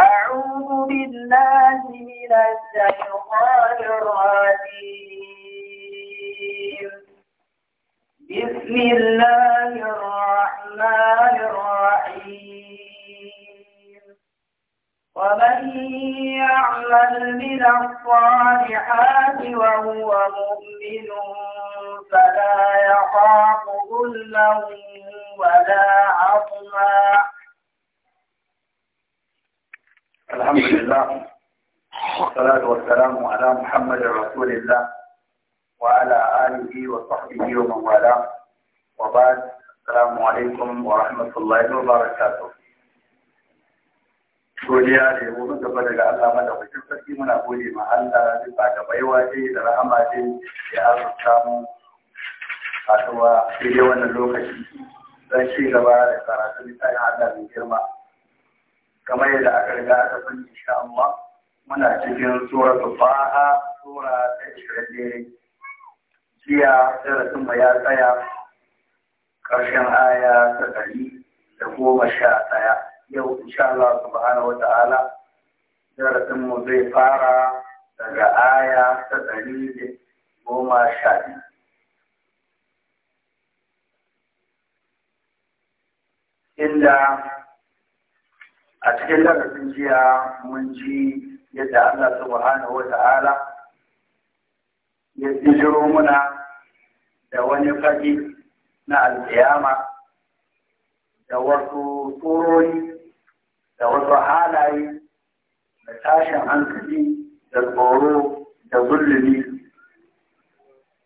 أعوذ بالله من الشيطان الرجيم بسم الله الرحمن الرحيم ومن يعمل من الصالحات وهو مؤمن فلا يخاف ظلما ولا أطمع الحمد لله والصلاة والسلام على محمد رسول الله وعلى آله وصحبه ومن والاه وبعد السلام عليكم ورحمة الله وبركاته godiya da yabo mun gaba daga Allah madaukakin sarki muna gode ma Allah bisa ga baiwa ce da rahama ce ya azurta mu a tsawa daidai wannan lokaci don ci gaba da karatu littafin hada mai girma kamar yadda aka riga aka san insha Allah muna cikin suratu Baha sura ta 21 jiya darasin ya tsaya Karshen aya ta ɗari da goma sha ɗaya yau insha Allah subhanahu wa ta'ala darasin mu zai fara daga aya ta ɗari da goma sha biyu inda a cikin darasin jiya mun ji yadda Allah subhanahu wa ta'ala ya bijiro muna da wani faɗi na alƙiyama da wasu tsoroni da wasu halaye da tashin hankali da tsoro da zulumi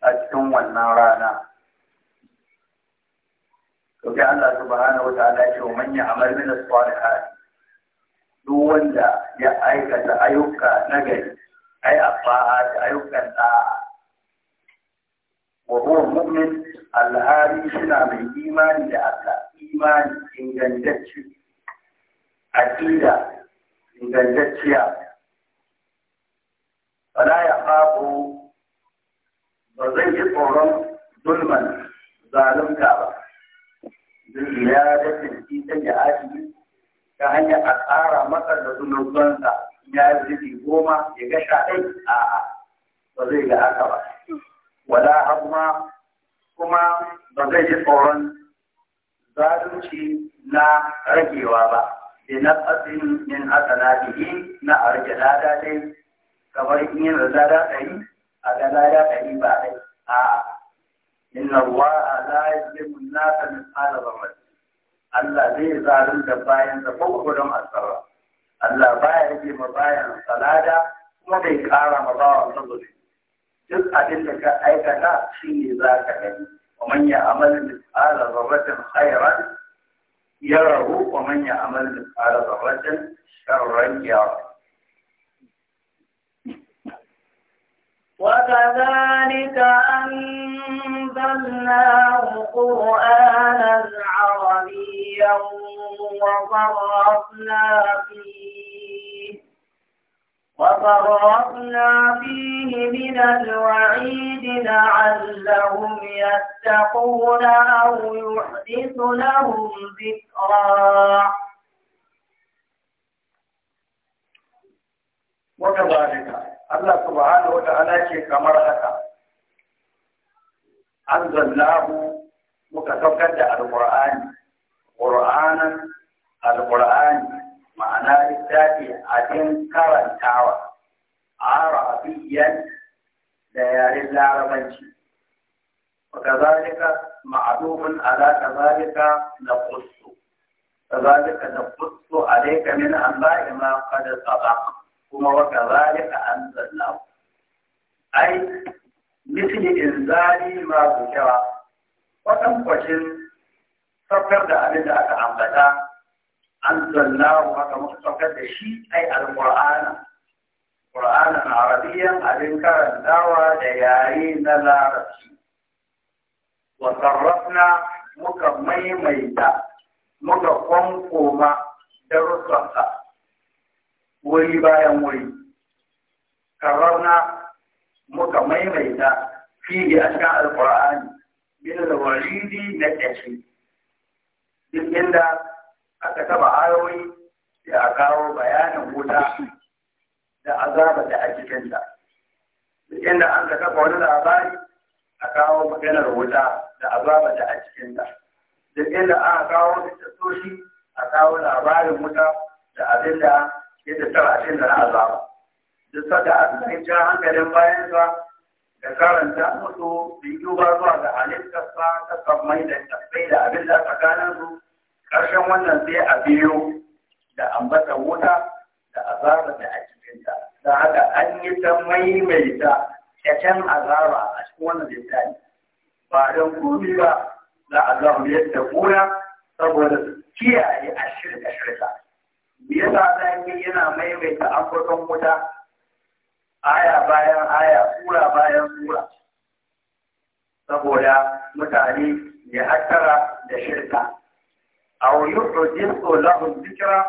a cikin wannan rana. to sai Allah subhanahu wataala ya ce wa man ya'mal min as-salihat duk wanda ya aikata ayyuka na gari ai afa'a da ayyukan da wa huwa mu'min al-hari shina mai imani da Allah imani ingantacce aqida ingantacciya wala ya fafu ba zai yi tsoron zulman zalunta ba ziyadatin fi sayyi'atihi ta hanyar a ƙara masa da zunubansa ya zubi goma ya ga sha ɗai a'a ba zai ga haka ba wala hamma kuma ba zai ji tsoron zalunci na ragewa ba bi na tsasin min asanatihi na a rage lada dai kamar in yin lada ɗari a ga lada ɗari ba ɗai a'a inna a la yuzlimu an-nasa mithqala dharratin Allah zai zalunta bayan da gwagwadon asara Allah baya yake ma bayan salada kuma bai kara ma bawan nazari duk abin da ka aikata shi ne za ka gani ومن يعمل مثقال wa خيرا يره ومن يعمل مثقال ذرة شرا يره وكذلك أنزلناه قرآنا عربيا وصرفنا فيه وصرفنا فيه من الوعيد لعلهم يتقون أو يحدث لهم ذكرا وكذلك Allah subhanahu wa ta'ala ce kamar haka mu muka saukar da alqur'ani qur'anan alqur'ani ma'ana littafi abin karantawa arabiyyan da yaren larabanci وكذلك معلوم على كذلك نقص كذلك نقص عليك من أنباء ما قد سبق kuma waka a an zanna ku. ai misli in zali ma bukewa watan kwacin saukar da abin da aka ambata an zanna ku haka muka saukar da shi ai alqur'ana qur'ana arabiyyan abin karantawa da yayi na larabci wa muka maimaita muka kwankoma darussansa wuri bayan wuri na muka maimaita fiye a cikin alkur'ani bin da walidi na ƙashi duk inda aka taba ayoyi da a kawo bayanin wuta da azaba da a cikinta duk inda an ka taba wani labari a kawo maganar wuta da azaba da a cikinta duk inda aka kawo da a kawo labarin wuta da abin da Yadda ta abin da na azaba duk saka a cikin jan hankalin bayansa da karanta musu da ruwa zuwa ga halittarsa ta sammai da tafai da abin da tsakanin su Karshen wannan sai a biyo da ambatan wuta da azaba da a ta. da haka an yi ta maimaita kyakken azaba a cikin wannan littafi ba don komi ba za a zama yadda kuna saboda kiyaye a shirka shirka me yasa zafi yana maimaita ambaton wuta aya bayan aya sura bayan sura saboda mutane ya hattara da shirka aw yuhdisu lahum zikira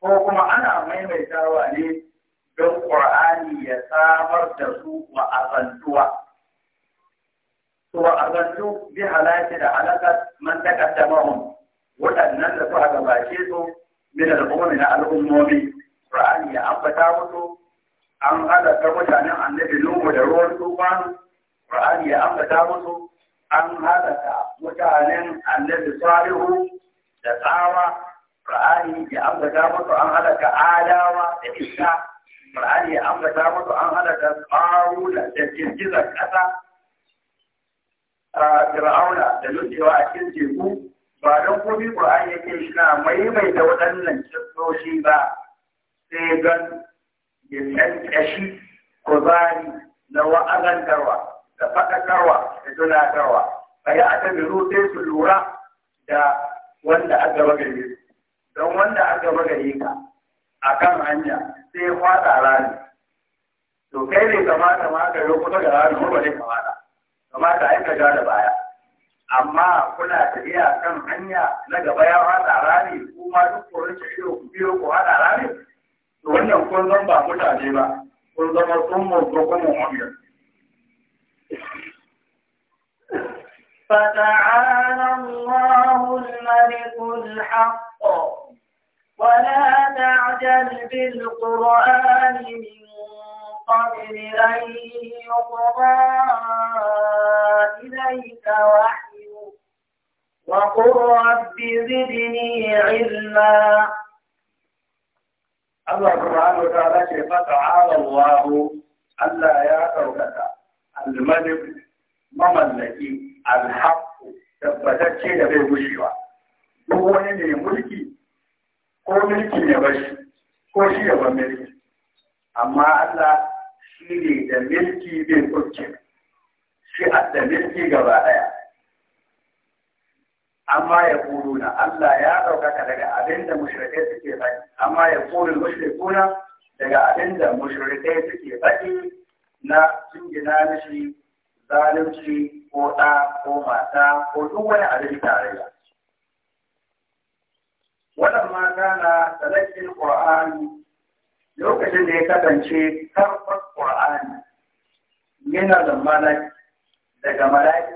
ko kuma ana maimaitawa ne don Qur'ani ya samar da su wa azantuwa to wa azantu bi halaki da halakat man taqaddamahum waɗannan da suka gabace su min al'ummi na al'ummomi Qur'ani ya ambata musu an halaka mutanen annabi Nuhu da ruwan tufan Qur'ani ya ambata musu an halaka mutanen annabi Salihu da tsawa Qur'ani ya ambata musu an halaka Adawa da Isa Qur'ani ya ambata musu an halaka Qaruna da girgizar ƙasa Fir'auna da nutsewa a cikin teku ba don komi Qur'ani yake mai maimaita waɗannan kissoshi ba sai don ya cancashi kuzari na wa'azantarwa da faɗakarwa da tunatarwa yi a ta biru sai su lura da wanda aka gaba gare don wanda aka gaba ka a kan hanya sai fada rani to kai ne kamata ma ka yi kusa da rani ko ne kamata kamata ai ka ja da baya amma kuna tafiya kan hanya na gaba ya fada rami kuma duk ku rinci ido ku biyo ko fada rami to wannan kun zan ba mutane ba kun zama sun mutu kuma umar فتعالى الله الملك الحق ولا تعجل بالقرآن من قبل أن يقضى إليك وحيا وقل رب زدني علما الله سبحانه وتعالى ce fata'ala Allah Allah ya ɗaukaka al-malik mamallaki al-haqq tabbatacce da bai gushewa duk wani ne mulki ko mulki ne bashi ko shi ya ba mulki amma Allah shi ne da milki bai kuce shi da milki gaba ɗaya amma ya na Allah ya ɗaukaka daga abin da mushrikai suke faɗi amma ya kulu mushrikuna daga abin da mushrikai suke faɗi na gina mishi zalunci ko ɗa ko mata ko duk wani abin tarayya wannan ma na talakin qur'ani lokacin da ya kasance karfar qur'ani yana da malaki daga malaki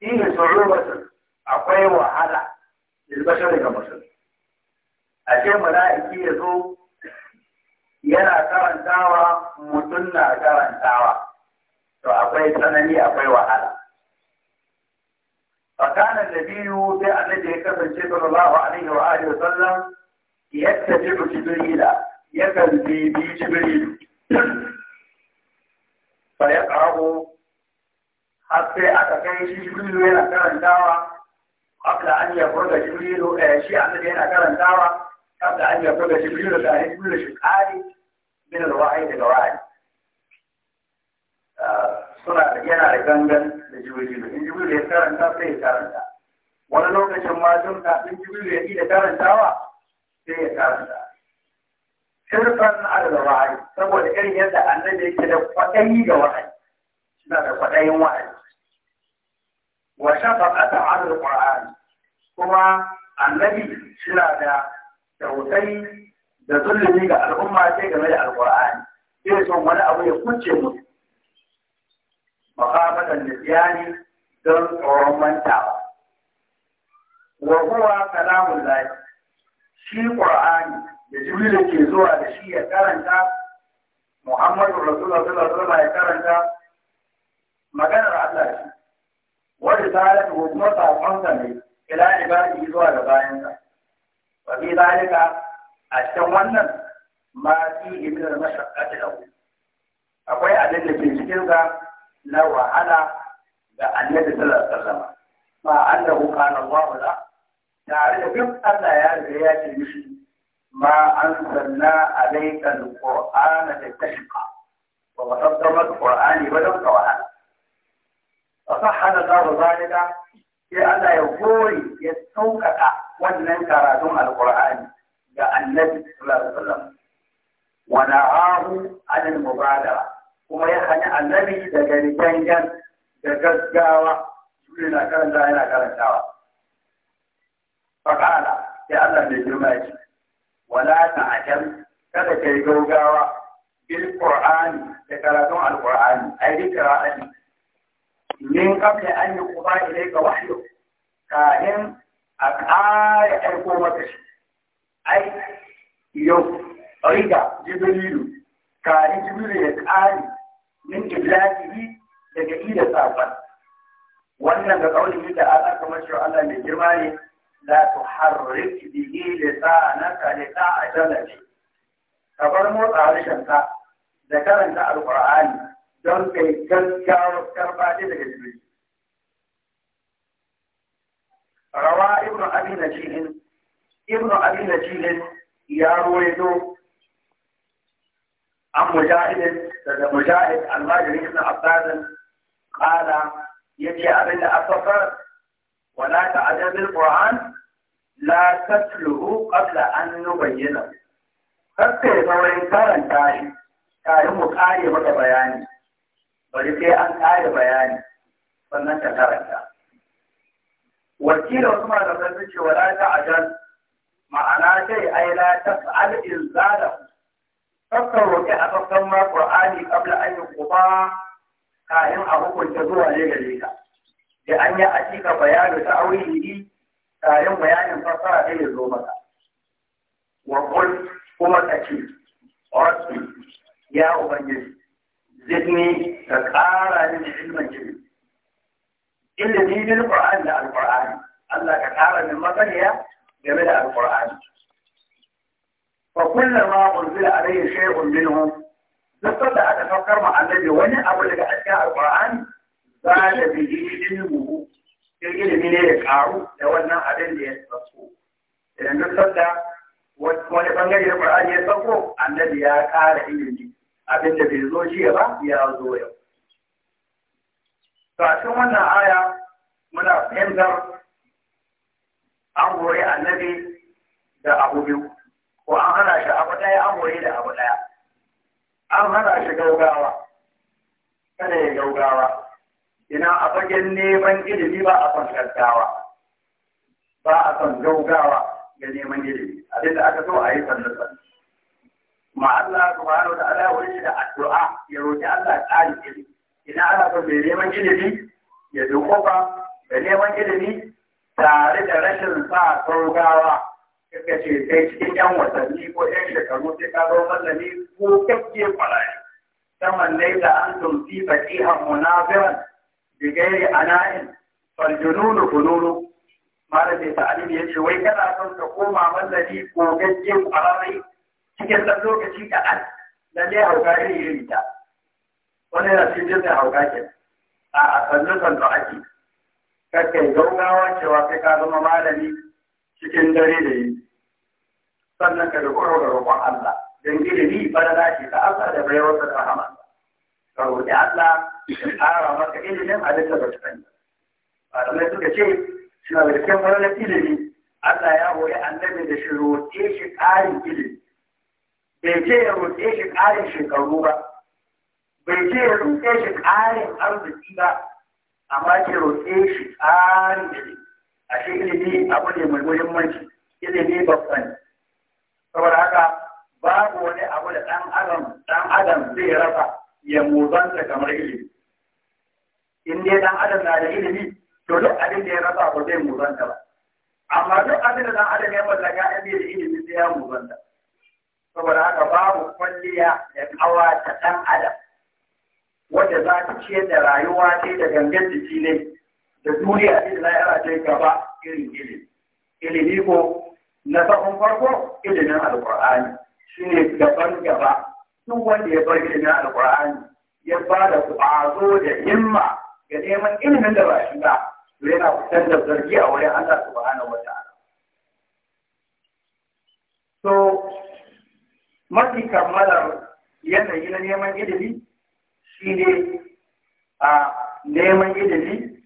fihi su'ubatun akwai wahala especially da mutum a ce mala'iki ya zo yana karantawa mutum na karantawa to akwai tsanani akwai wahala fakana da biyu sai annabi ya kasance sallallahu alaihi wa alihi wasallam yadda ce ku ci birila yakan bibi ci birilu fa ya karabo har sai aka kai shi ci yana karantawa قبل أن يفرغ جبريل شيئا الذين كان دعوة قبل أن يفرغ جبريل shi جبريل شقالي من الوعي للوعي suna da yana da gangan da jibrilu in jibrilu ya karanta sai ya karanta wani lokacin ma sun kafin jibrilu ya iya karantawa sai ya karanta shirkan adada wahayi saboda irin yadda annabi yake da kwaɗayi ga wahayi suna da kwaɗayin wahayi wa a 'ala al kuma annabi suna da tausayi da zulumi da al'umma ce game da alqur'ani zai san wani abu ya kuce musu makafatan nisyani don tsoron manta. wa huwa kalamun shi qur'ani da jibril ke zuwa da shi ya karanta muhammadu rasulullah sallallahu alaihi ya karanta maganar Allah wanda ta halaka ko kuma saƙonsa ne ila yi zuwa ga bayansa wa fi zalika a cikin wannan ma fi ibn mashaqqati lahu akwai abin da ke cikin ga na wahala ga annabi ta alaihi wasallam ma annahu kana na la tare da duk Allah ya riga ya ce mishi ma anzalna alayka alqur'ana litashqa wa qaddama ba don ka wahala. فصحنا الله ذلك sai Allah ya hore ya sauƙaƙa wannan karatun alƙur'ani ga annabi sallallahu alaihi wasallam wa na'ahu anil kuma ya hani annabi daga rigangan da gaggawa shi na karanta yana karantawa faqala sai Allah bai girma shi wala ta'jal kada kai gaugawa bil ƙur'ani, da karatun alqur'ani min qabla an yuqba ilayka wahyu kayan a ƙara aiko maka shi ai yau riga jibrilu kayan jibrilu ya ƙari min iblajihi daga ida safan wannan ga kaulin da Allah kamar Allah mai girma ne la tuharrik bihi lisanaka lita'a jalali kabar motsa harshen ka da karanta alqur'ani don ابن ابي karba ابن ابي jibril يا ibnu عن مجاهد ibnu abi عن مجاهد مجاهد بن عباس قال يجي أبن أسفر ولا تعجب القرآن لا تتلوه قبل أن نبينه حتى لو ان كان تاري تاري مكاري بك بياني bari sai an kare bayani sannan ta karanta wakilin wasu malamai sun ce wala ta ajal ma'ana dai ai la taf'al inzala kakka roƙi a kakkan ma qur'ani qabla an yuqba kayan a hukunta zuwa ne gare ka da an yi akika bayanu ta aurihi kayan bayanin fasara da ya zo maka wa kuma kace rabbi ya ubangiji zidni ka ƙara mini ilmin ilmi ilmi bil qur'an da alqur'ani Allah ka ƙara min masaniya game da alqur'ani fa kullama unzila alayhi shay'un minhu duk da aka saukar ma annabi wani abu daga cikin alqur'ani zada bihi ilmuhu sai ilimi ne ya ƙaru da wannan abin da ya sauko idan duk da wani bangare na qur'ani ya sauko annabi ya ƙara ilimi abin da bai zo jiya ba ya zo yau to a cikin wannan aya muna fahimtar an gore annabi da abu biyu ko an hana shi abu ɗaya an gore da abu ɗaya an hana shi gaugawa kada ya gaugawa ina a fagen neman ilimi ba a son gaggawa ba a son gaugawa ga neman ilimi abinda aka so a yi sannu sannu ma Allah subhanahu wa ta'ala wani da addu'a ya roki Allah tsari ilimi idan ana son mai neman ilimi ya dukufa da neman ilimi tare da rashin sa saugawa kaka ce cikin yan watanni ko yan shekaru sai ka zo mallami ko kake kwarari saman laila an tumfi fatihan munafiran bi gairi ana'in fal fununu malam sai ta'alim ya ce wai kana son ka koma mallami ko kake kwarari cikin ɗan lokaci kaɗan lalle hauka iri iri ta wani yana cikin da hauka ke a a sannu sannu ake yi gaugawa cewa kai ka zama malami cikin dare da yi sannan ka dogoro da roƙon Allah don ilimi farada ce ta Allah da bai wasa ta hama ka roƙi Allah ya ƙara maka ilimin halitta da ta sani malamai suka ce suna da cikin farada ilimi Allah ya hori annabi da shi roƙe shi ƙarin ilimi bai ce ya roƙe shi ƙarin shekaru ba bai ce ya roƙe shi ƙarin arziki ba amma ce roƙe shi ƙarin ilimi a shi ilimi abu ne mai muhimmanci ilimi babban saboda haka babu wani abu da ɗan adam ɗan adam zai rasa ya muzanta kamar ilimi in dai ɗan adam na da ilimi to duk abin da ya rasa ba zai muzanta ba amma duk abin da ɗan adam ya mallaka in bai da ilimi sai ya muzanta saboda haka babu kwalliya da kawa ta ɗan adam wadda za ta ciyar da rayuwa ta da gangan jiki ne da duniya ta da lahira ce gaba irin ilimi ilimi ko na sabon farko ilimin alƙur'ani shi ne gaban gaba duk wanda ya bar ilimin alƙur'ani ya ba da ƙwazo da himma ga neman ilimin da ba shi ba to yana fitar da zargi a wurin Allah subhanahu wa ta'ala mafi kammalar yanayi na neman ilimi shi ne a neman ilimi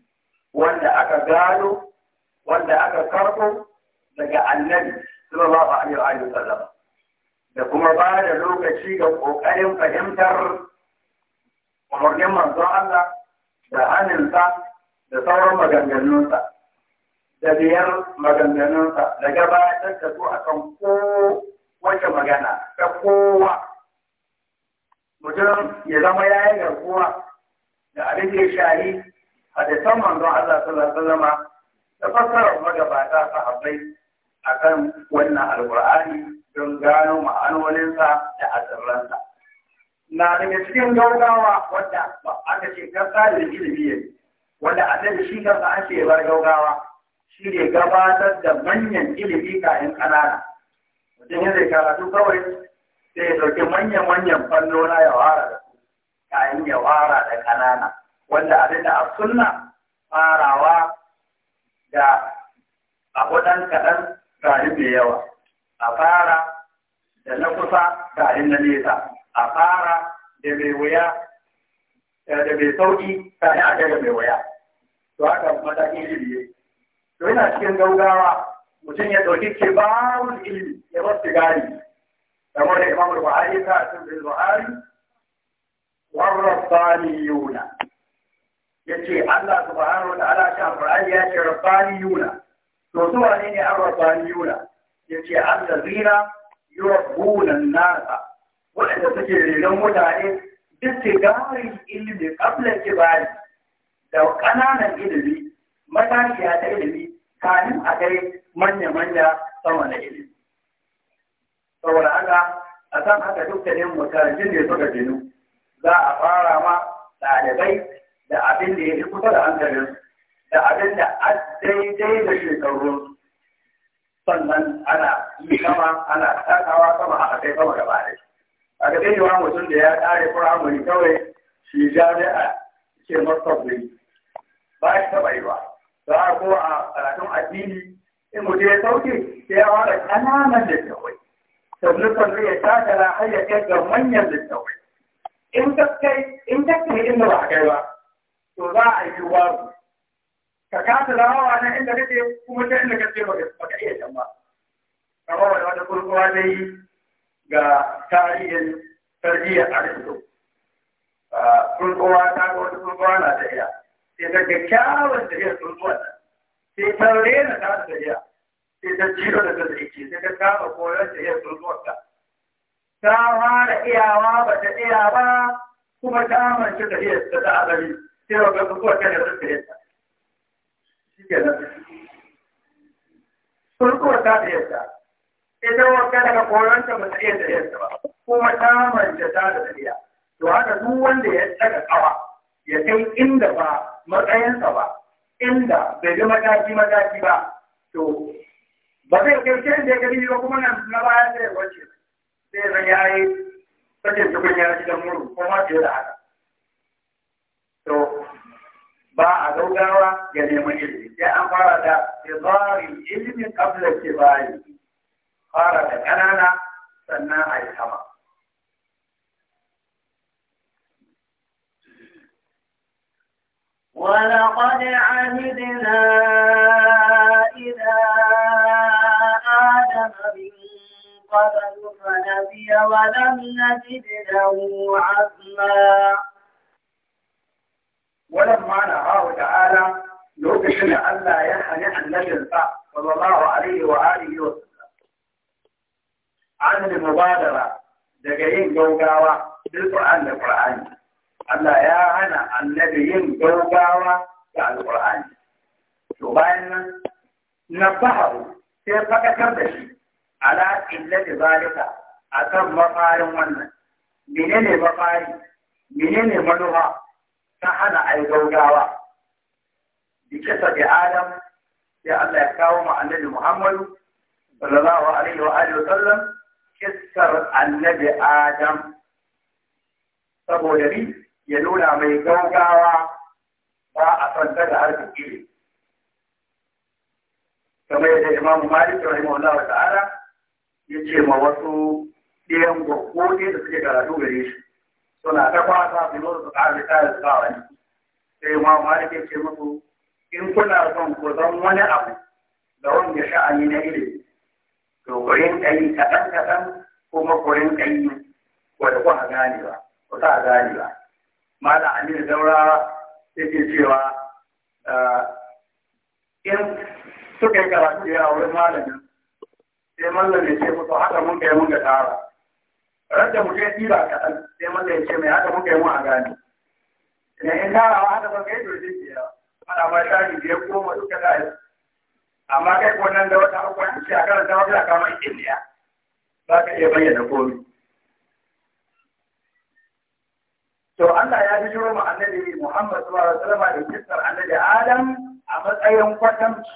wanda aka gano wanda aka karɓo daga annabi sallallahu alaihi wa sallam da kuma ba da lokaci ga ƙoƙarin fahimtar umarnin manzon Allah da hannunsa da sauran maganganunsa da biyar maganganunsa da gabatar da a kan ko wata magana ta kowa mutum ya zama ya yi garkuwa da abin da ya shari a da san manzo Allah sallallahu alaihi wasallam da fassarar magabata sahabbai akan wannan alqur'ani don gano ma'anolinsa da asirransa na daga cikin gaugawa wadda ba aka ce ta da ilimi ne wanda nan shi kansa an ce bar gaugawa shi ne gabatar da manyan ilimi kayan ƙanana mutum ya karatu kawai sai ya ɗauki manyan-manyan fannona ya wara da su kayan ya wara da ƙanana wanda abin da a sunna farawa da abu ɗan kaɗan garin mai yawa a fara da na kusa garin na nesa a fara da mai wuya eh, da mai sauƙi garin a daga mai wuya to haka matakin ilimi to yana cikin gaugawa mutum ya ɗauki ke babu ilimi ya bar sigari kamar da imamul buhari ta a cikin buhari ya ce Allah subhanahu wataala ta Qur'ani ya ce yuna to su wane ne arrabbaniyuna yace allazina yurabbuna an-nasa wanda suke renon mutane duk tigarin ilimi kabla kibari da ƙananan ilimi matakiya ta ilimi kanin a kai manya-manya sama na ilimi. Saboda haka a san haka dukkanin mutarjin da suka jinu za a fara ma ɗalibai da abin da ya fi kusa da hankalin da abin da a daidai da shekarun sannan ana yi sama ana takawa sama a kai sama da shi. A ga dai mutum da ya ƙare firamare kawai shi jami'a ce masa ba shi taɓa yi za a ko a karatun addini in mutum ya sauke sai ya fara ƙananan littattafai, sannu sannu ya takara har ya kai ga manyan littafai in ka kai in ka inda ba a kai ba to za a yi wazo ka kasa rawawa na inda kake kuma ta inda kace ba ka iya can ba kamar wani wata kurkuwa dai ga tarihin tarbiyyar aristo ah, kurkuwa ta ga wata kurkuwa na ta iya daga kyakkyawar tafiyar tsuntsuwar nan sai ta rena ta tafiya sai ta ciro da ta zaice sai ta kama koyon tafiyar tsuntsuwar ta ta fara iyawa ba ta iya ba kuma ta amince tafiyar ta ta asali sai wa ga tsuntsuwar ta da tafiyar ta shi ke nan tsuntsuwar ta tafiyar ta ita wata daga koyon ta ba ta iya tafiyar ta ba kuma ta amince ta da tafiya to haka duk wanda ya daga kawa ya kai inda ba matsayinsa ba inda bai bi mataki mataki ba to ba zai kai shi da gari ba kuma nan na baya zai wace sai zan yi sakin tukun ya shi da muru ko ma fiye da haka to ba a gaugawa ya neman ilimi sai an fara da izarin ilimin kabla kibari fara da ƙanana sannan a yi sama ولقد عهدنا إلى آدم من قبل فنبي ولم نجد له عزما ولما نهاه تعالى لوكشن ألا يحن عن نجلبا صلى الله عليه وآله وسلم عن المبادرة دقيقين جوجاوة بالقرآن القرآن Allah ya hana annabi yin gaugawa da alƙur'ani to bayan nan na fahimu sai faɗakar da shi ala illati zalika akan mafarin wannan menene mafari menene manufa ta hana ai gaugawa bisa da Adam sai Allah ya kawo mu annabi Muhammadu sallallahu alaihi wa alihi sallam, kissar annabi Adam saboda ni ya nuna mai gaugawa ba a kwanta daga harkar ilimi kamar yadda imamu malik Allah wa ta'ala ya ce ma wasu ɗayan gwaggoge da suke karatu gare shi suna ta kwasa su zo su ƙarfi ta da suka wani sai imamu malik ya ce musu in kuna son ku zan wani abu da wanda sha'ani na ilimi to ku rinka yi kaɗan kaɗan kuma ku rinka yi wanda kuka gane ba ku sa ba mala aminu daura yake cewa ah, in suka yi karatu ya wurin malamin sai mallam ya ce musu haka mun kai mun ga tara ranta mu kai tira kaɗan sai mallam ya ce mai haka mun kai mun a gane idan in wa haka mun kai to ya ke ana ma shari biyar goma duka da amma kai ko nan da wata uku an ce a karanta wata kama indiya za ka iya bayyana komai to Allah ya bijiro mu annabi Muhammad sallallahu alaihi wasallam da kissar annabi Adam a matsayin kwatanci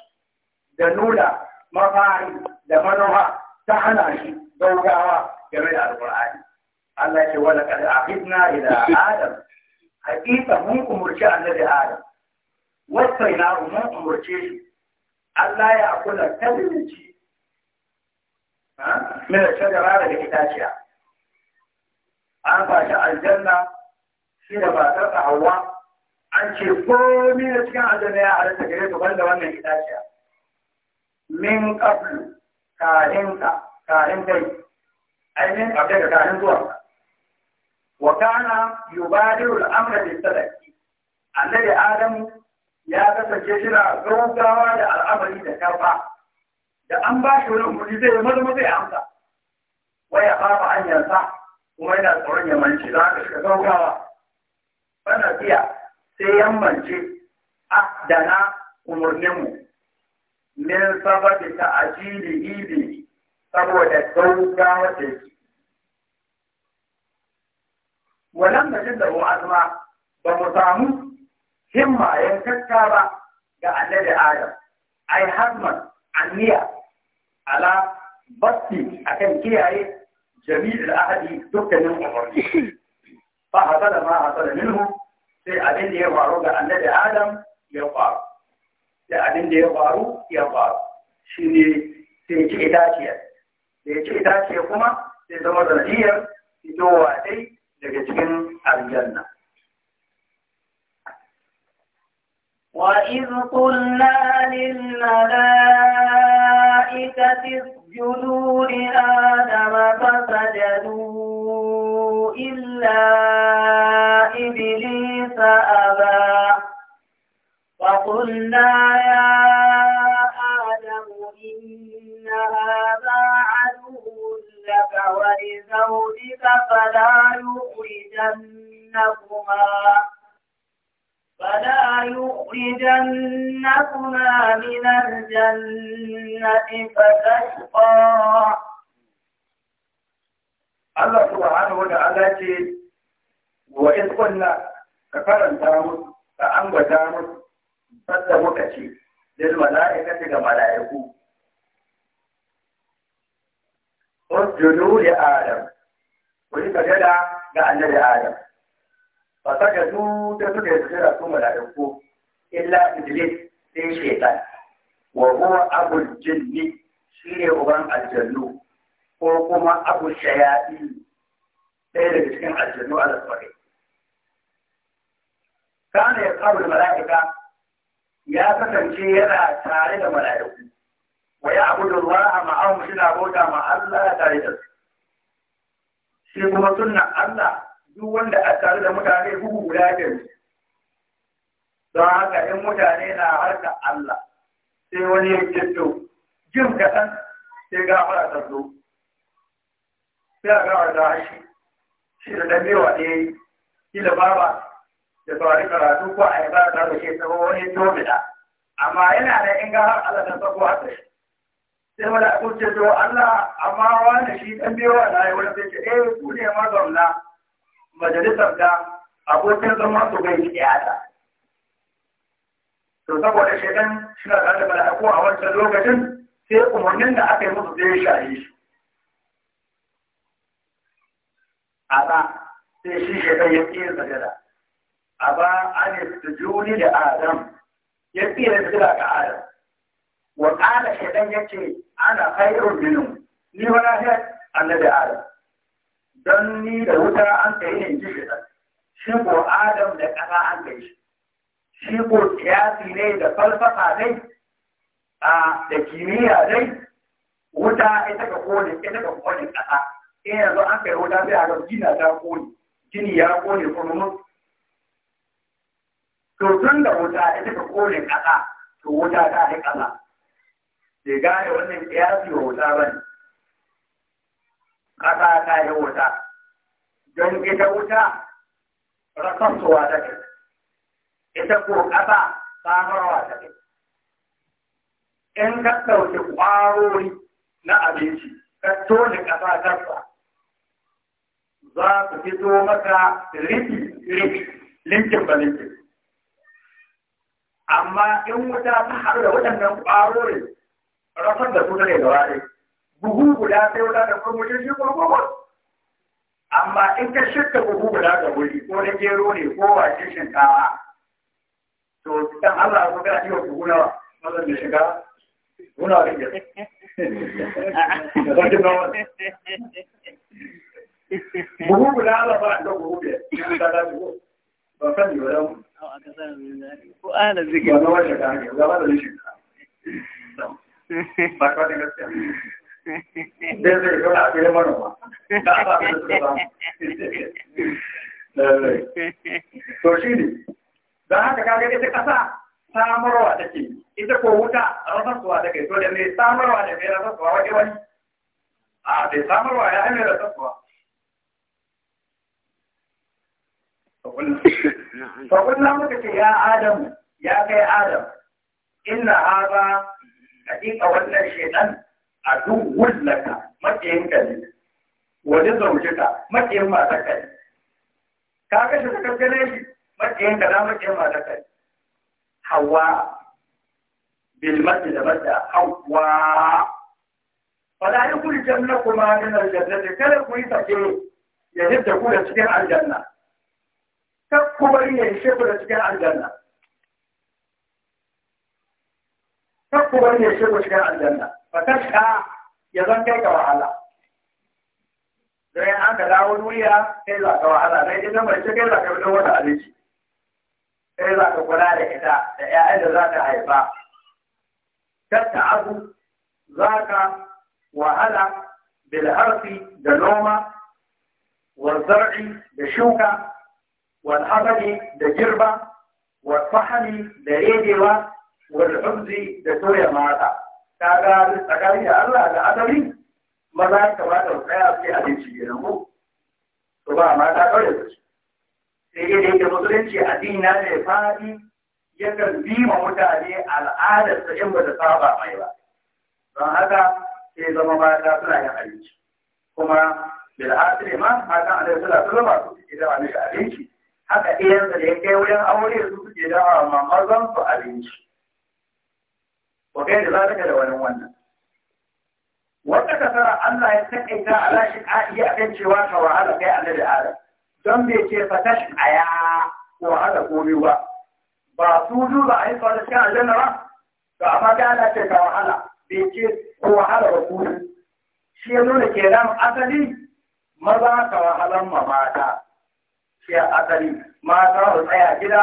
da nuna mafari da manufa ta hana shi gaugawa game da al alqur'ani Allah ce wala kad aqidna ila adam haqiqa mun umurci annabi Adam wata ina mun umurce shi Allah ya kula tabbaci ha mena shajara daga itaciya an fashi aljanna shi da matar da Hauwa, an ce komi da cikin aljanna ya halatta gare ta banda wannan itaciya min qablu kahin karin kai. ainihin abin da karin zuwa wa kana yubadiru al-amra bi annabi adam ya kasance shi na gaugawa da al'amari da karfa da an ba shi wani umarni zai maza maza ya amsa waya fara hanyarsa kuma yana tsoron ya manci za ka shiga gaugawa wannan biya sai yammance a da na umarninmu min sababi ta ajili ibe saboda dauka da yake. Wannan da da azma ba mu samu himma kakka ba ga annabi Adam, ai hazman anniya ala basti akan kiyaye a ahadi dukkanin umarni. fa hasala ma hasala minhu sai abin da ya faru ga annabi Adam ya faru sai abin da ya faru ya faru shi ne sai ci itaciyar da ya ci itaciyar kuma sai zama zanadiyar fitowa dai daga cikin aljanna وإذ قلنا للملائكة ملائكة الجنود آدم فسجدوا إلا إبليس أبى وقلنا يا آدم إن هذا عدو لك ولزوجك فلا يخرجنكما فلا يخرجنكما من الجنة فتشقى Allah subhanahu wa ta'ala ce wa in ka karanta musu ka ambata musu sadda muka ce lil mala'ikati ga mala'iku usjudu li adam ku yi sajada ga annabi adam ba ta da su da suka yi sujada su mala'iku illa iblis sai shaitan wa huwa abul jinni shine uban aljannu ko kuma abu shayaɗi sai daga cikin aljannu ala tsare kana ya kawo mala'ika ya kasance yana tare da mala'iku wa ya abudu Allah shi na bauta ma Allah tare da su shi kuma sunna Allah duk wanda a tare da mutane bugu guda da su don haka in mutane na harka Allah sai wani ya fito jin kaɗan sai gafara ta zo sai a gawar da shi shi da ɗabewa ne ya shi da baba da saurari karatu ko a yi ba ta da ke sabo wani tomida amma yana da in gafara Allah ta sabo haka shi sai wani a kuce to Allah amma wani shi ɗabewa na yi wani sai ce eh ku ne mazauna majalisar da abokin zama su gai ta. to saboda shaidan suna tare da mala'iku a wancan lokacin sai umarnin da aka yi musu zai shaye shi a ba sai shi shaidan ya ƙi sajada a ba an sujudi da adam ya ƙi da sujada ga adam wa ƙala shaidan ya ce ana irin minum ni wani hayat annabi adam don ni da wuta an kai ne jirgin shi shi ko adam da ƙasa an kai shi shi ko siyasi ne da falsafa dai a da kimiyya dai wuta ita ka kone ita ka kone ƙasa in yanzu an kai wuta sai a ga gina ta kone gini ya kone kurmun to tun da wuta ita ka kone ƙasa to wuta ta haƙa ƙasa Sai gane wannan ƙiyasi wa wuta ba ne ƙasa ta yi wuta don ita wuta rakasuwa ta ke ita ko ƙasa samarwa ta ke in ka ɗauki ƙwarori na abinci ka ne ƙasa tarsa za su fito maka rifi rifi linkin ba linkin amma in wuta ta haɗu da waɗannan ƙwarori rasar da su ta ne gaba ɗaya buhu guda sai wata da kuma mutum shi gurgurgun amma in ka shirka buhu guda ga wuri ko na gero ne ko wace shinkawa to dan Allah ko ga iya buhu nawa mazan da shiga guna da ya buhu guda Allah ba da buhu ne da da buhu ba san yau ba ko ana ba wajen da ne gaba da shi ba ka da gaskiya dan a fere manoma to shi ne don haka kaga ita kasa samarwa take ita ko wuta rasarsuwa take to da mai samarwa da mai rasarsuwa wani wani a bai samarwa ya mai rasarsuwa فقلنا مكة يا آدم يا كي آدم إن هذا حقيقة ولا شيطان a duk wullaka matsayin ka ne wajen ka matsayin matar ka ne ka kashe ta kaskare shi matsayin ka matsayin matar ka ne hawa bilmasi da mata hawa fala yi janna kuma min aljanna kada ku yi sake ya hidda ku da cikin aljanna ta kuma bari ya da cikin aljanna kar ku bari ya cikin aljanna fatashka ya zan kai ga wahala dai an ka dawo wuya kai za ka wahala dai idan mace kai za ka fito wata abinci kai za ka kula da ita da ƴaƴan da za ka haifa tatta abu za ka wahala bil da noma wal da shuka wal da girba wa fahami da redewa wal da toya mata kaga tsakani da Allah da asali maza kamata su tsaya su yi abinci gidan mu? to ba ma ta kawai su sai dai yake musulunci addini na ne fadi yakan bi ma mutane al'adar su in ba ta saba mai ba don haka sai zama mata suna yin abinci kuma bil asiri ma mata alaihi salatu wasallam su ke da abinci haka iyan da ya kai wurin aure su ke da mamazan su abinci wa kai da zalika da wani wannan wanda ka tsara Allah ya takaita ala shi iya akan cewa ka wahala kai annabi Adam don bai ce fa tashi aya ko wahala ko biyu ba ba su du ba a yi tsara cikin aljanna ba to amma da Allah ce ka wahala bai ce ko wahala ba ku shi ya nuna kenan asali maza ka wahalan ma mata shi asali mata su tsaya gida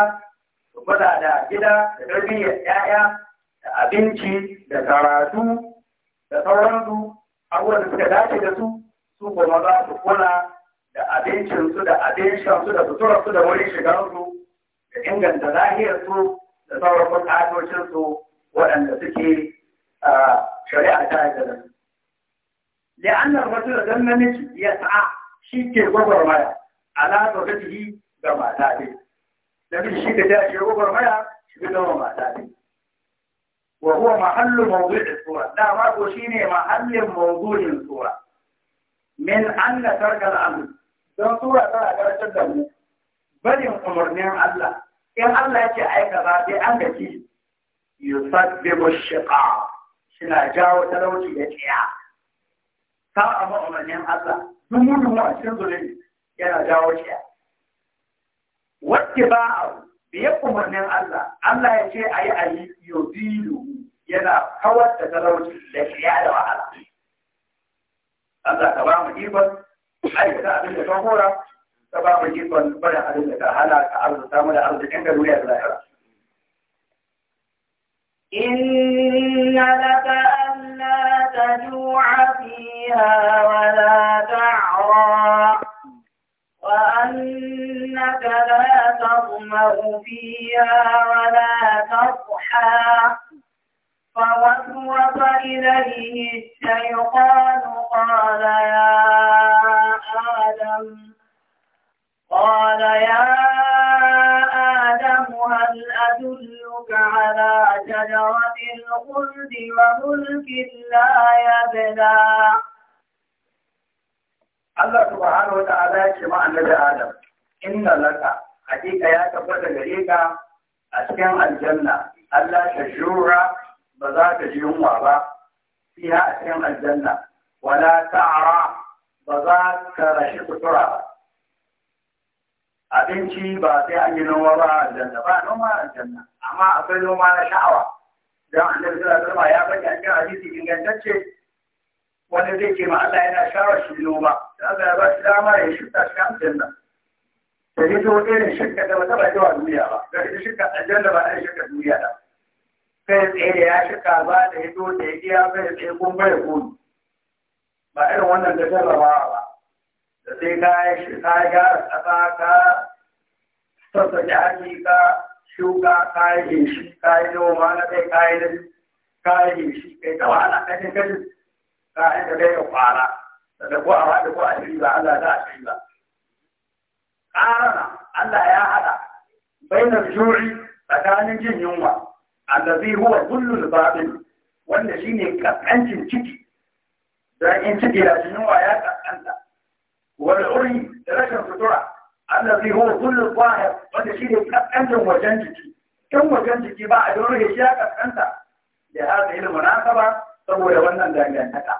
su kula da gida da tarbiyyar 'ya'ya da abinci da karatu da sauransu abubuwan da suka dace da su su kuma za su kula da abincinsu da abincinsu da suturarsu da wurin shigarsu da inganta lahiyarsu da sauran bukatocinsu waɗanda suke shari'a ta yi da su. Li'annar wasu da zan namiji ya sa'a shi ke gwagwarmaya ala ta ga mata ne. Nabi shi ka ta shi gwagwarmaya shi mata ne. wa huwa mahallu mawdu'i sura da ma ko shine mahallin mawdu'in sura min anna tarka al-amr don sura tana karantar da mu barin umarnin Allah in Allah ya ce aika ba sai an gaci yusabbibu shiqa suna jawo talauci da tsiya ka amma Allah a cikin yana jawo wacce biye umarnin Allah Allah ya ce a yi ayi ayi yuzilu yana kawar da talauci da kiya da wahala Allah ta ba mu ikon aikata abin da ka hora ka ba mu ikon barin abin da ka hana ka arzuta mu da arzikin ka duniya da lahira إن ta ألا تجوع فيها ولا تعب أنك لا تضمر فيها ولا تضحى فوسوس إليه الشيطان قال يا آدم قال يا آدم هل أدلك على شجرة الخلد وملك لا يبلى Allah subhanahu wa ta'ala ya ce ma annabi Adam inna laka hakika ya tabbata gare ka a cikin aljanna Allah ta shura ba za ka ji yunwa ba fiha a cikin aljanna wala ta'ara ba za ka rashi kutura ba abinci ba sai an yi noma ba aljanna ba noma aljanna amma akwai noma na sha'awa don annabi sallallahu alaihi wasallam ya faɗi a cikin hadisi ingantacce wanda zai ce ma Allah yana shawar shi noma da Allah ya ba shi dama ya shirka shi aljanna da ya zo irin shirka da wata bai duniya ba da ya shirka aljanna ba a shirka duniya da kai tsaye da ya shirka ba da ya zo da ya iya kai tsaye kun bai kun ba irin wannan da jarrabawa ba da sai ka yi ka gyara ƙasa ka sassa jaki ka shuka ka yi shi ka yi ma na kai ka yi ka yi shi kai ta wahala kai kai kayan da kai ka kwara da ko a wani ko a riba Allah za a riba Karana Allah ya hada bainar juri tsakanin jin yunwa allazi huwa kullul babin wanda shine kaskancin ciki dan in ciki da yunwa ya kaskanta wal uri da rashin sutura allazi huwa kullul zahir wanda shine kaskancin wajen jiki in wajen jiki ba a don rage shi ya kaskanta da haka ilmin ba saboda wannan dangantaka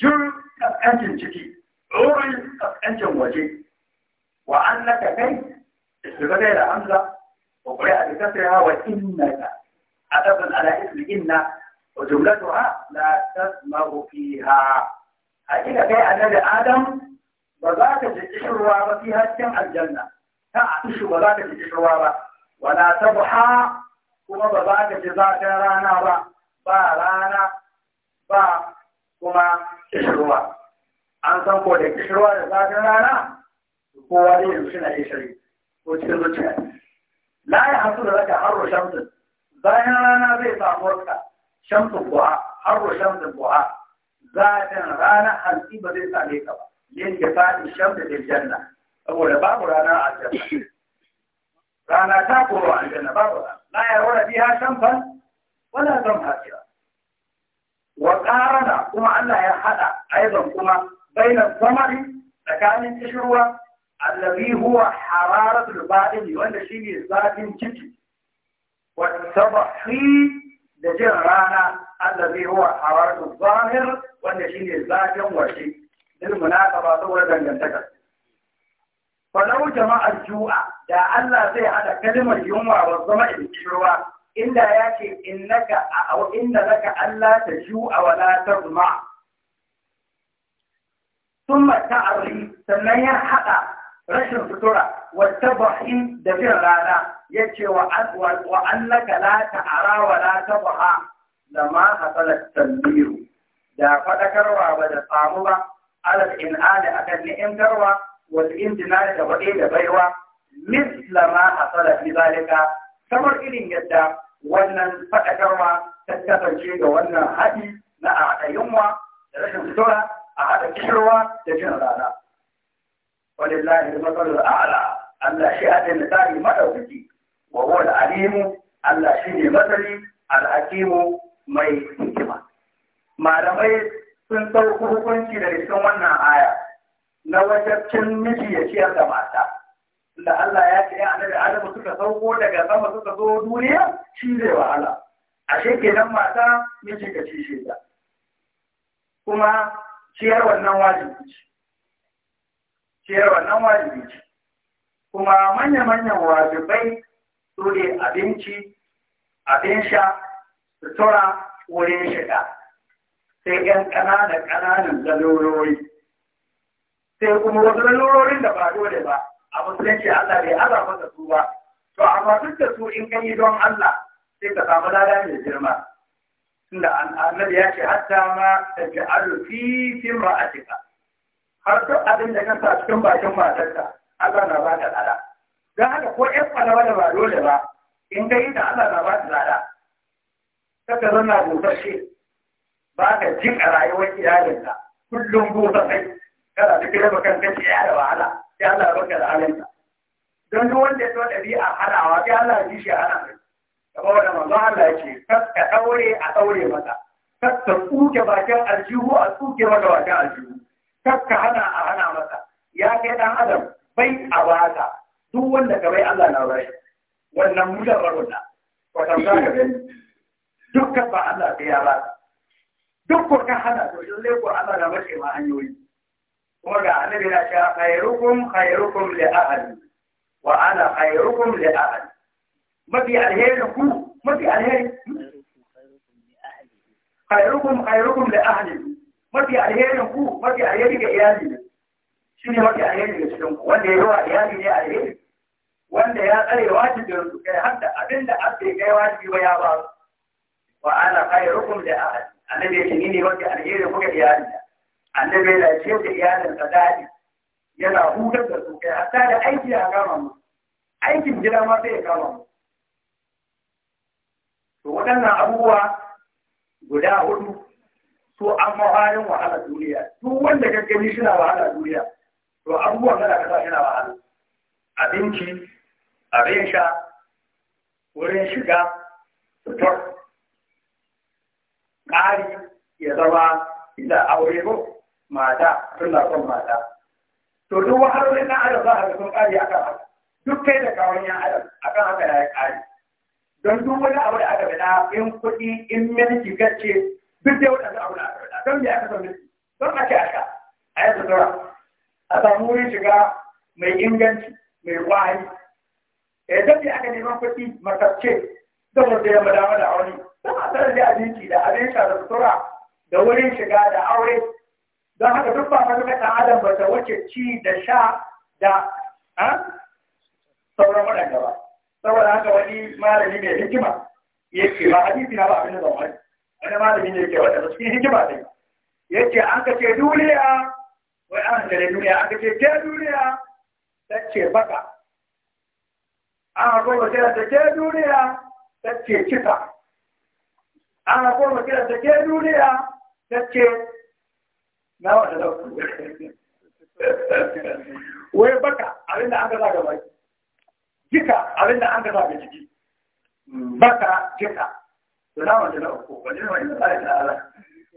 jin ƙasƙancin ciki tsoron ƙasƙancin waje wa ka kai zai da hamza wa qul a kasriha wa innaka adabun ala ismi inna wa jumlatuha la tasma'u fiha hakika kai annabi adam ba za ka ji kishirwa ba fi hasken aljanna ta a ba za ka ji kishirwa ba wala tabha kuma ba za ka ji zafin rana ba ba rana ba kuma kishirwa an san ko da kishirwa da zafin rana kowa da yanzu na yi shari ko cikin zuciya la ya hasu da zaka harro shamsin zafin rana zai samu warka shamsin buha harro shamsin buha zafin rana hantsi ba zai same ka ba yin ya fadi shamsin da janna saboda babu rana a janna rana ta koro a janna babu rana la ya wara biya shamsin wala zan hasira وقارن كما الله يحدى أيضا كما بين الثمر تكان تشروى الذي هو حرارة الباطن وأن شيء الباطن جد والصبح لجرانا الذي هو حرارة الظاهر وأن شيء الباطن وشيء للمناقبة صورة دنجنتك فلو جمع الجوع دا الله زي هذا كلمة يوم والظمأ الشروى inda ya ce innaka aw inna laka alla wa la tazma thumma ta'ri sannan ya haɗa rashin sutura wata bahin da bin rana ya ce wa annaka la ta'ara wa la tabaha da ma hasalat da faɗakarwa ba da samu ba alal in'ani akan ni'imtarwa wal intina da baɗe da baiwa misla ma hasala fi zalika kamar irin yadda wannan faɗakarwa ta kasance ga wannan haɗi na a yunwa da rashin fitowa a haɗa kishirwa da jin rana. Walillahi matsalar a'ala Allah shi haɗin misali maɗaukaki wa huwa alimu Allah shi ne matsali al'akimu mai hikima. Malamai sun ɗauki hukunci da cikin wannan aya na cin miji ya ciyar da mata. da Allah ya ce ya annabi Adamu suka sauko daga sama suka zo duniya shi zai wahala ashe kenan mata miji ka ci shi da kuma ciyar wannan wajibi ce ciyar wannan wajibi ce kuma manya-manyan wajibai su ne abinci abin sha sutura wurin shiga sai yan ƙananan ƙananan lalurori sai kuma wasu lalurorin da ba dole ba a musulunci Allah bai aza maka su ba to amma duk da su in kai yi don Allah sai ka samu lada mai girma tunda annabi ya ce hatta ma taj'alu fi timra'atika har duk abin da ka sa cikin bakin matarka Allah na ba ta lada don haka ko ƴan kwalaba da ba dole ba in ka da Allah na ba ta lada kaka zana shi. ba ka jin a rayuwar iyalinka kullum kai kana da kira bakan kace ya da wahala sai Allah ya baka da halinka don duk wanda ya zo ɗabi'a hanawa sai Allah ya ji shi hana mai kamar wanda manzo Allah ya ce ka ɗaure a ɗaure mata kar ka tsuke bakin aljihu a tsuke maka bakin aljihu kar ka hana a hana masa ya kai ɗan adam bai a baka duk wanda ka bai Allah na bai wannan mujarrabun na wata za ka gani dukkan ba Allah sai ya ba duk ko ka hana to in lai ko Allah na mace ma hanyoyi kuma ga annabi na ce khairukum khairukum li ahli wa ana khairukum li ahli mafi alheri ku mafi alheri khairukum khairukum li ahli mafi alheri ku mafi alheri ga iyali shi ne mafi alheri ga cikin ku wanda ya yawa iyali ne alheri wanda ya tsare wajibin su kai har da abin da kai wajibi ba ya ba wa ana khairukum li ahli annabi ya ce ni ne mafi alheri ku ga iyali annabi yana ce da iyalin sa yana hutar da su kai hatta da aiki ya kama mu aikin gida ma sai ya kama mu to waɗannan abubuwa guda hudu to an mafarin wahala duniya duk wanda ka suna wahala duniya to abubuwan kana ka sa suna wahala abinci abin sha wurin shiga fitar ƙari ya zama ila aure ko mata suna son mata to duk wahalolin na adam za a ga sun kare aka haka duk kai da kawon yan adam akan haka ya kare don duk wani abu da aka bada in kuɗi in miliki gace duk dai wani abu da aka bada don me aka san miliki. don a ce haka a yanzu tura a samu wurin shiga mai inganci mai wahayi. eh don me aka neman kuɗi makabce don wanda ya madama da aure don a tsara da abinci da abin sha da da wurin shiga da aure don haka duk ba na ɗan adam ba ta wuce ci da sha da sauran waɗanda ba saboda haka wani malami mai hikima ya ce. ba hadisi na ba abin da zama wani malami ne yake waɗanda cikin hikima ne ce an ka ce duniya wai an kare duniya an ka ce ke duniya ta ce baka an hako ba kira ta ke duniya ta ce cika an hako ba kira ta ke duniya ta ce na wa da ku wai baka abinda an gaza ga baki jika abinda an gaza ga jiki baka jika to na wa da ku wani wani da Allah ta'ala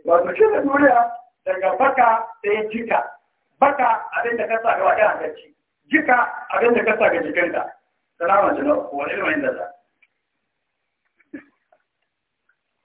wato shi da duniya daga baka sai jika baka abinda ka sa ga wani hankalci jika abinda ka sa ga jikinta da salamu alaikum wa rahmatullahi wa barakatuh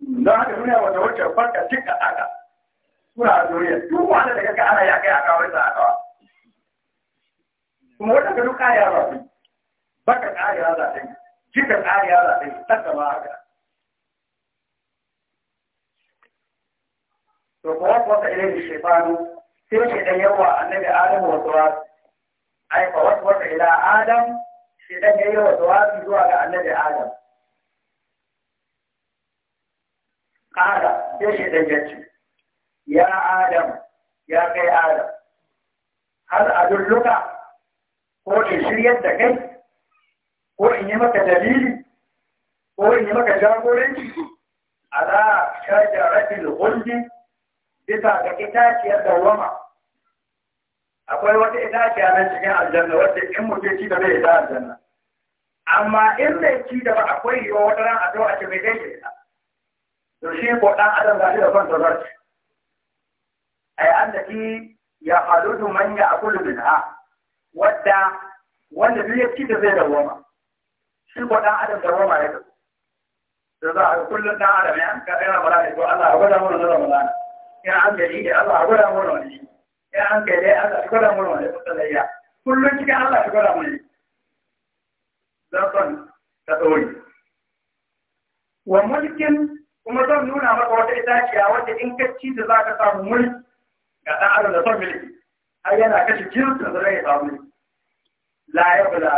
don haka duniya wata wacce farka cika Kuna a duniya duk wanda da kaga ana ya kai a kawai sa kawa. kuma wata ga duk kariya ba su baka kariya za ta yi cika kariya za ta ma haka to kuma ko ta ilai shaytanu sai shi ɗan yawa annabi adam wa tawaf ai fa wasu wata ila adam shi ɗan yayi wa tawaf zuwa ga annabi adam Adam, ya shi ya yanci, Ya Adam, ya kai Adam, Har a dulluka ko in shiryar da kai, ko in yi maka dalili, ko in yi maka jagoranci, a a za ala rafin huldi bisa ga itaciyar da wama. Akwai wata itaciya nan cikin aljanna wadda in mutum ci da zai ita aljanna. Amma in mai ci da ba akwai yiwa wata ran a zo a ce mai to shi ko ɗan adam ga shi da son tazarci ai allati ya haludu man ya akulu minha wadda wanda duk ya da zai dawoma shi ko ɗan adam da ya kasu da za a kullum ɗan adam ya ka ɗaya mala ko Allah ya gwada mana zama mala Ya an gari da Allah ya gwada mana wani Ya an gari Allah ya gwada mana wani musallayya kullum cikin Allah ya gwada mana zan son ta ɗori wa mulkin kuma zan nuna maka wata itaciya wanda in ka ci da za ka samu mulki ga ɗan adam da son mulki har yana kashe jinsin da zai samu mulki la ya bula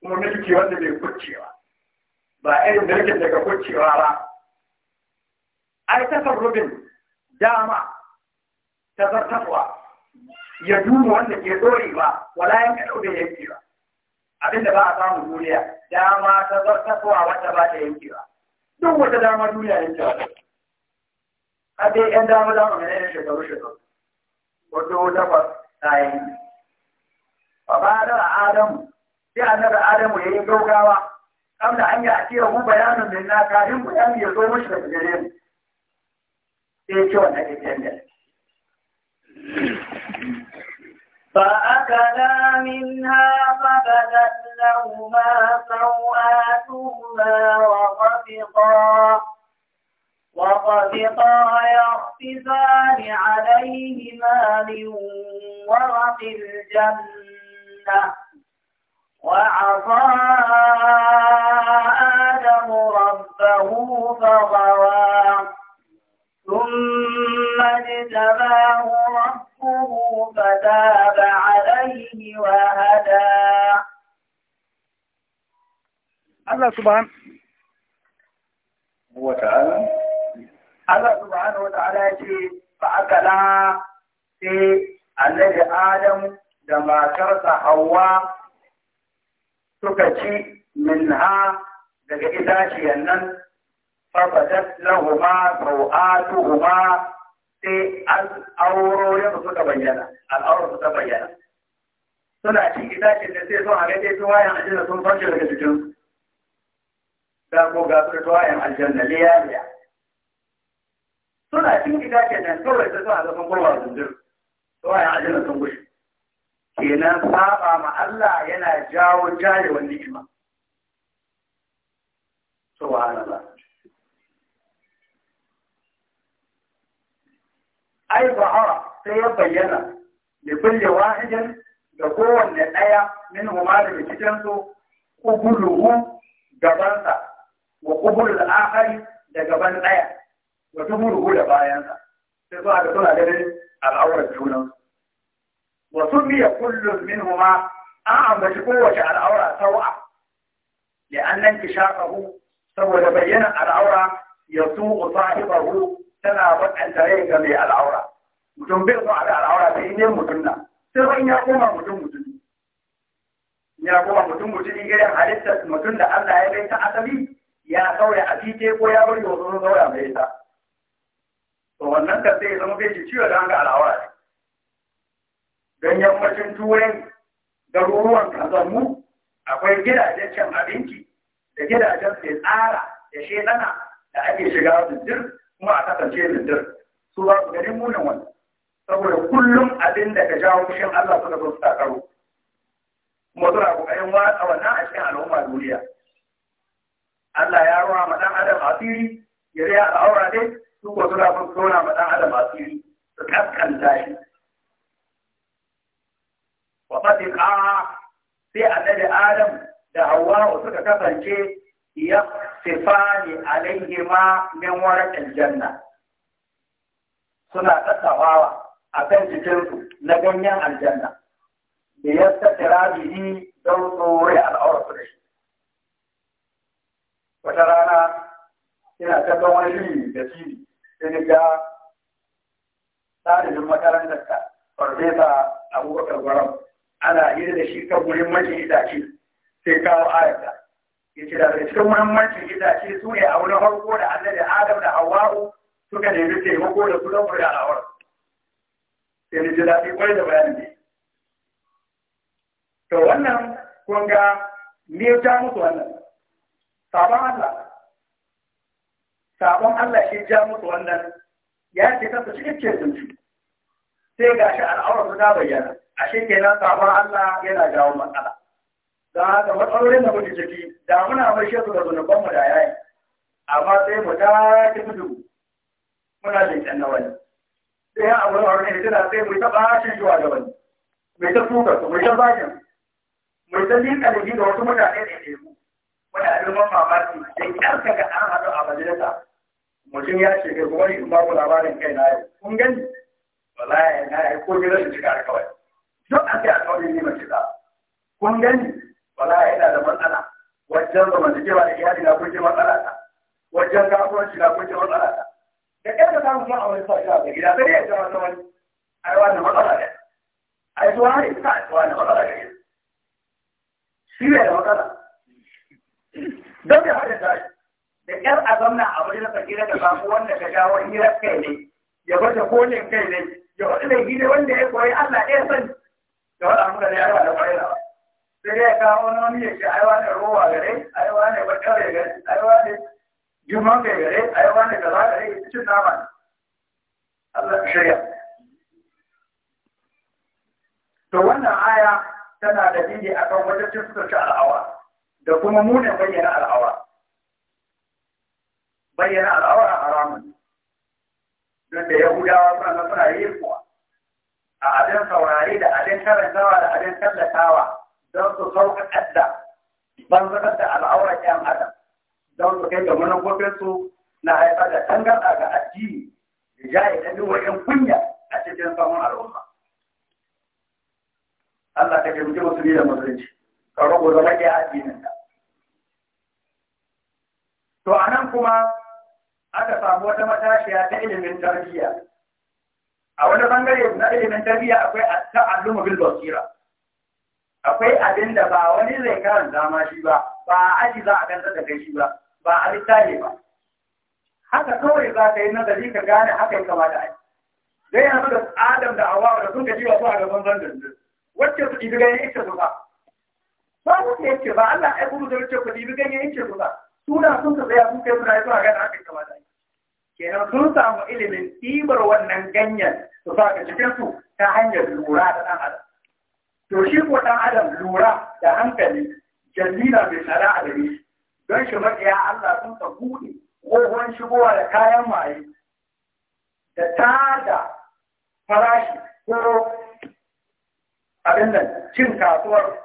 kuma mulki wanda bai kucewa ba irin mulkin daga kucewa ba ai rubin, dama ta tazartafuwa ya duba wanda ke dore ba wala ya kaɗau da yankewa abinda ba a samu duniya dama ta tazartafuwa wanda ba ta yankewa duk wata dama duniya ya ce wata a dai yan dama dama mai yanayin shekaru shekaru wato takwas ta yi ba ba da adamu sai annabi adamu ya yi gaugawa kam da an yi a cewa mu bayanin min na kafin ‘yan ya zo mashi da gare mu sai ya ce wannan ita ne فأكلا منها فبدت لهما سوآتهما وطفقا وطفقا يخففان عليهما من ورق الجنة وعصى آدم ربه فغوى ثم اجتباه ربه فتاب عليه وهدى الله سبحانه وتعالى الله سبحانه وتعالى ce fa'akala sai annabi Adam da matarsa Hauwa suka ci minha daga itaciyar nan fafadat lahuma sau'atuhuma sai al'aurorin suka bayyana al'aurar suka bayyana suna cin itacen da sai sun a gaje tuwayen aljanna sun farce daga cikin da ko ga su tuwayen aljanna liya suna cin itacen da kawai sai sun a zafin kurwa zundur tuwayen aljanna sun gushe kenan saba ma Allah yana jawo jarewar ni'ima subhanallah ai ba'ara sai ya bayyana da kulle wahidin da kowanne ɗaya min huma daga cikinsu kubuluhu gabansa wa kubulul akhari da gaban ɗaya wa tubuluhu da bayansa sai zuwa da suna ganin al'aurar junansu wa biya kullum min huma an ambaci kowace al'aura sau'a li'annan kishafahu saboda bayyana al'aura ya su'u sahibahu tana waɗanta yin ga mai al'aura mutum bai kuma da al'aura yi ne mutum na sai wani ya koma mutum mutum ya koma mutum mutum in gidan halittar mutum da Allah ya bai ta asali ya sauya a tite ko ya bari wasu sun sauya mai ta to wannan ka sai zama bai ci ciwo da ga al'aura ne don yammacin turai ruwan kazanmu akwai gidajen cin abinci da gidajen sai tsara da shedana da ake shiga su kuma a kasance da dir su ba su gani munin wani saboda kullum abin da ka jawo fushin Allah suka zo su takaro kuma suna kokarin watsa wannan a cikin al'umma duniya Allah ya ruwa ma dan adam asiri ya riya al'aura dai su ko suna son tona ma dan adam asiri su kaskanta shi wa fatiqa sai annabi adam da hawwa suka kasance yaksifani alaihima min warqil janna suna tattawawa a kan jikinsu na ganyen aljanna da ya tattara bihi don tsore al'auratu da shi wata rana ina kallon wani shiri da shi sai ga ɗalibin makarantar ta farfesa abubakar gwaram ana hira da shi kan wurin mashi itace sai kawo ayata yace da cikin muhimmancin itace su ne a wurin harko da annabi Adam da Hawwa'u suka nemi taimako da sunan fure al'awar. Sai ni ji daɗi kwai da bayanin ne. To wannan kun ga me ya ja musu wannan? Sabon Allah. Sabon Allah shi ja musu wannan ya ce su cikin ce zunci. Sai ga shi al'awar su ta bayyana. a shi kenan sabon Allah yana jawo matsala. a haka matsalolin da mutu ciki da muna mai shesu da zunubanmu da yayi amma sai mu ta ki gudu muna leƙen na wani sai ya abu da wani tana sai mu ta bashin zuwa da wani mu ta tuka su mu ta bakin mu ta liƙa da da wasu mutane da ke mu wani abin ban mamaki da ƙyarka ga an haɗu a majalisa mutum ya ce kai kuma in ba ku labarin kai na yau kun gani wallahi na yi ko gidan shi cika kawai duk an sai a kawai ne mace ta kun gani wala yana da matsala wajen zamantakewa da iyali na kunce matsala ta wajen kasuwanci na kunce matsala ta da ɗaya da samun a wani sashi a gida sai ya zama wani ai wannan matsala ne ai zuwa ne ta ai zuwa ne matsala ne shi ne da matsala don ya haɗa tashi da ƙyar a zamna a wajen fakira da samu wanda ka jawo hirar kai ne ya bata kolin kai ne ya wani mai gida wanda ya koyi Allah ɗaya sani da wani amurka ne ya da kwaye na ba sai ya kawo wani ya ce aiwa ne ruwa gare aiwa ne bakare gare aiwa ne juman kai gare aiwa ne gaba gare ya cin nama Allah shirya to wannan aya tana da dini akan wajen cin suka ci al'awa da kuma munin bayyana al'awa bayyana al'awa a haramun don da yahudawa suna nan suna yi kuwa a abin saurari da abin karantawa da abin tallatawa don su sauƙaƙar da banzarar da al'aurar 'yan adam don su kai ga su na haifar da tangarɗa ga addini da jaye da duwayen kunya a cikin saman al'umma. Allah ka taimaki musulmi da musulunci, ka rago da rage addinin ka. To a nan kuma aka samu wata matashiya ta ilimin tarbiyya. A wani bangare na ilimin tarbiyya akwai ta'alluma bil basira. akwai abin da ba wani zai karanta zama shi ba ba a aji za a ganta da kai shi ba ba a littafi ba haka kawai za ka yi nazari ka gane haka ya kamata a yi Zai yana da adam da awa da sun gaji wasu a gaban zanzan wacce su ɗibi ganyen ice su ba ba su ke ce ba Allah ya kuma da wacce ku ɗibi ganyen ice su ba suna sun ka tsaya sun kai suna yi zuwa gane haka ya kamata a yi kenan sun samu ilimin ɗibar wannan ganyen su sa ka cikin su ta hanyar lura da ɗan adam To shi ko ɗan adam lura da hankali jallila bai tsara a gare shi don shi maƙiya Allah sun ka buɗe ƙohon shigowa da kayan maye da tada farashi ko abin nan cin kasuwar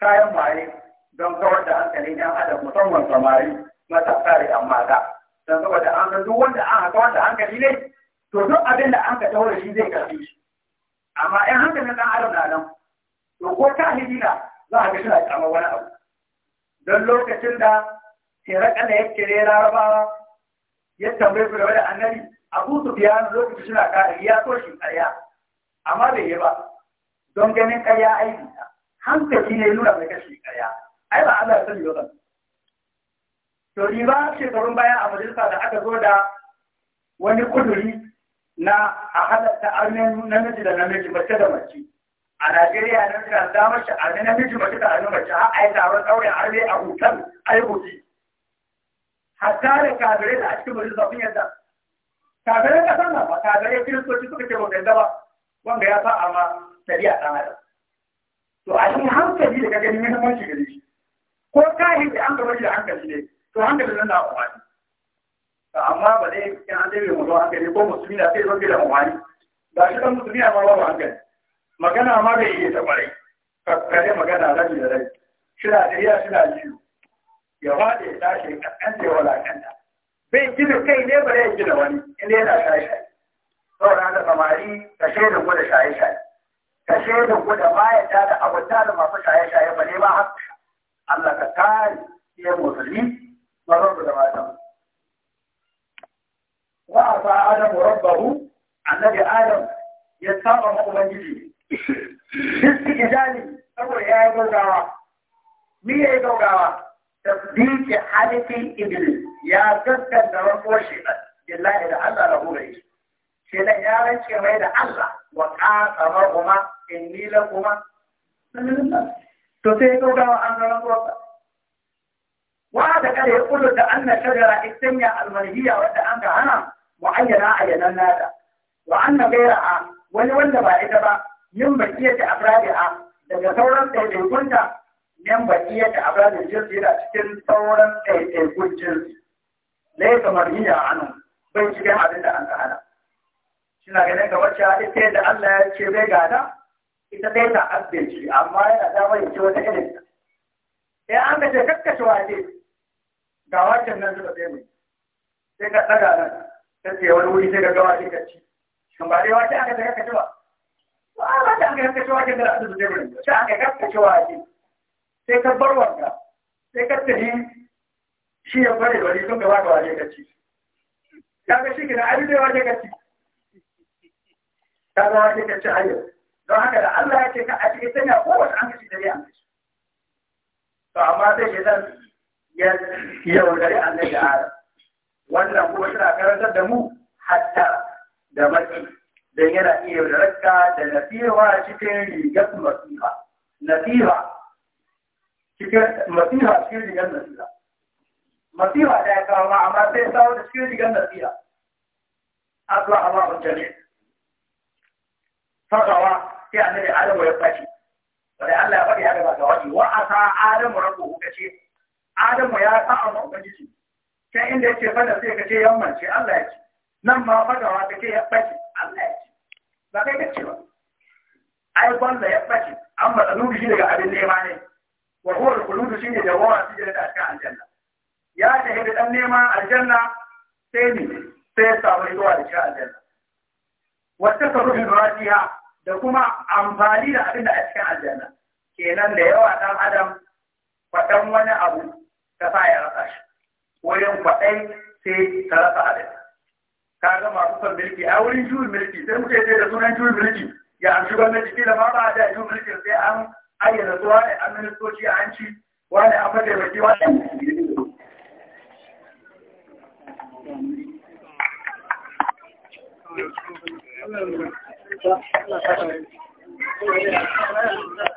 kayan maye don kawar da hankalin ɗan adam musamman samari matasa da amma mata, don saboda an duk wanda an haka wanda hankali ne to duk abin da an ka taura shi zai karfi shi amma yan hankalin ɗan adam na nan to ko ta na za a ga suna kyamar wani abu don lokacin da tirakana ya kire larabawa ya tambaye su game da annabi abu su biya lokacin suna kare ya so shi karya amma bai yi ba don ganin karya aiki ta hankali ne nuna mai kashi karya ai ba Allah ya sani ba to riba shekarun baya a majalisa da aka zo da wani kuduri na a halatta arnin namiji da namiji mace da mace a Najeriya na suna samar shi arnin namiji mace da arnin mace har a yi taron tsaurin arni a hotel a yi hatta da kabirai da a cikin mutum zafin yadda kabirai ka san ba kabirai kiristoci suka ce bautan ba wanda ya sa amma tari a ɗan adam to a cikin hankali da ka gani muhimmanci gare shi ko kahin da an gaba da hankali ne to hankali nan na amfani amma ba dai in an dai mu haka ne ko musulmi na sai zobe da umani ba shi kan musulmi amma ba haka magana ma bai iya ta kwarai kare magana rabi da rabi shina dariya shina jiyo ya wada ya tashi kan ta wala kanta bai gina kai ne ba ya gina wani inda yana shaye shaye saboda da samari ka shaida gwada shaye shaye ka shaida gwada baya ta da abuta da masu shaye shaye ba ne ba haka Allah ka kare iya musulmi ba mazan da matan wa asa adam rabbahu annabi adam ya saba ma ubangiji bisu ijali saboda ya yi gaugawa me ya yi gaugawa tasdiki halittin iblis ya gaskanta rantsuwar shaitan billahi da Allah lahu rai shaitan ya rance mai da Allah wa qasama kuma inni lakuma to sai gaugawa an ga rantsuwar wa da kada ya wadda an hana mu'ayyana a ayyanan nada wa anna ghayraha wani wanda ba ita ba yin baqiyati afradiha daga sauran daidaikunta min baqiyati afradil jinsi da cikin sauran daidaikun jinsi lai kamar hiya anu bai cikin abin da an kana suna ganin ga wacce ita da Allah ya ce bai gada ita dai ta abinci amma yana da bai ce wani irin ta sai an ga ce kakkace waje ga wacce nan zuba zai mai sai ka tsaga nan ta ce wani wuri sai ga gawa ɗin ka ci kan ba dai wata aka daga ka ci ba ba ba ta aka yanka cewa ke da asusu ne Sai ta aka yanka cewa ke sai ka bar wanda sai ka tafi shi ya bare wani sun gaba ga waje ka ci ga shi gina abin da waje ka ci ga waje ka ci hanyar. don haka da Allah ya ce ka a cikin sanya kowace an kashi dare an kashi to amma sai ke zan ya yaudari Allah da Adam wannan kuma suna karantar da mu hatta da matsi don yana iya rarraka da nasiha cikin rigar masiha nasiha cikin masiha cikin rigar nasiha masiha ta yi kawo amma sai kawo da cikin rigar nasiha Allah Allah mun jami fadawa sai an annabi Adamu ya fashi Wani Allah ya faɗi haka ba ga wani wa asa Adamu rabbuhu kace Adamu ya sa'a mu ubangiji sai inda yake fada sai ka ce ce Allah ya ce nan ma fadawa ta ke ya ɓace Allah ya ce ba kai kace ba ai gwanda ya ɓace an matsa nuri shi daga abin nema ne wa huwa al-quludu shine da wawa shi da aka aljanna ya tafi da dan nema aljanna sai ni sai ya samu zuwa da shi aljanna wa ruhi radiya da kuma amfani da abin da a cikin aljanna kenan da yawa dan adam fatan wani abu ta sa ya rasa shi wajen kwaɗai sai ta rasa hadari ka ga masu son mulki a wurin juyin mulki sai muke sai da sunan juyin mulki ya an jiki da ma ba da juyin mulki sai an ayyana su wani an ministoci an ci wani an mataimaki wani Thank you.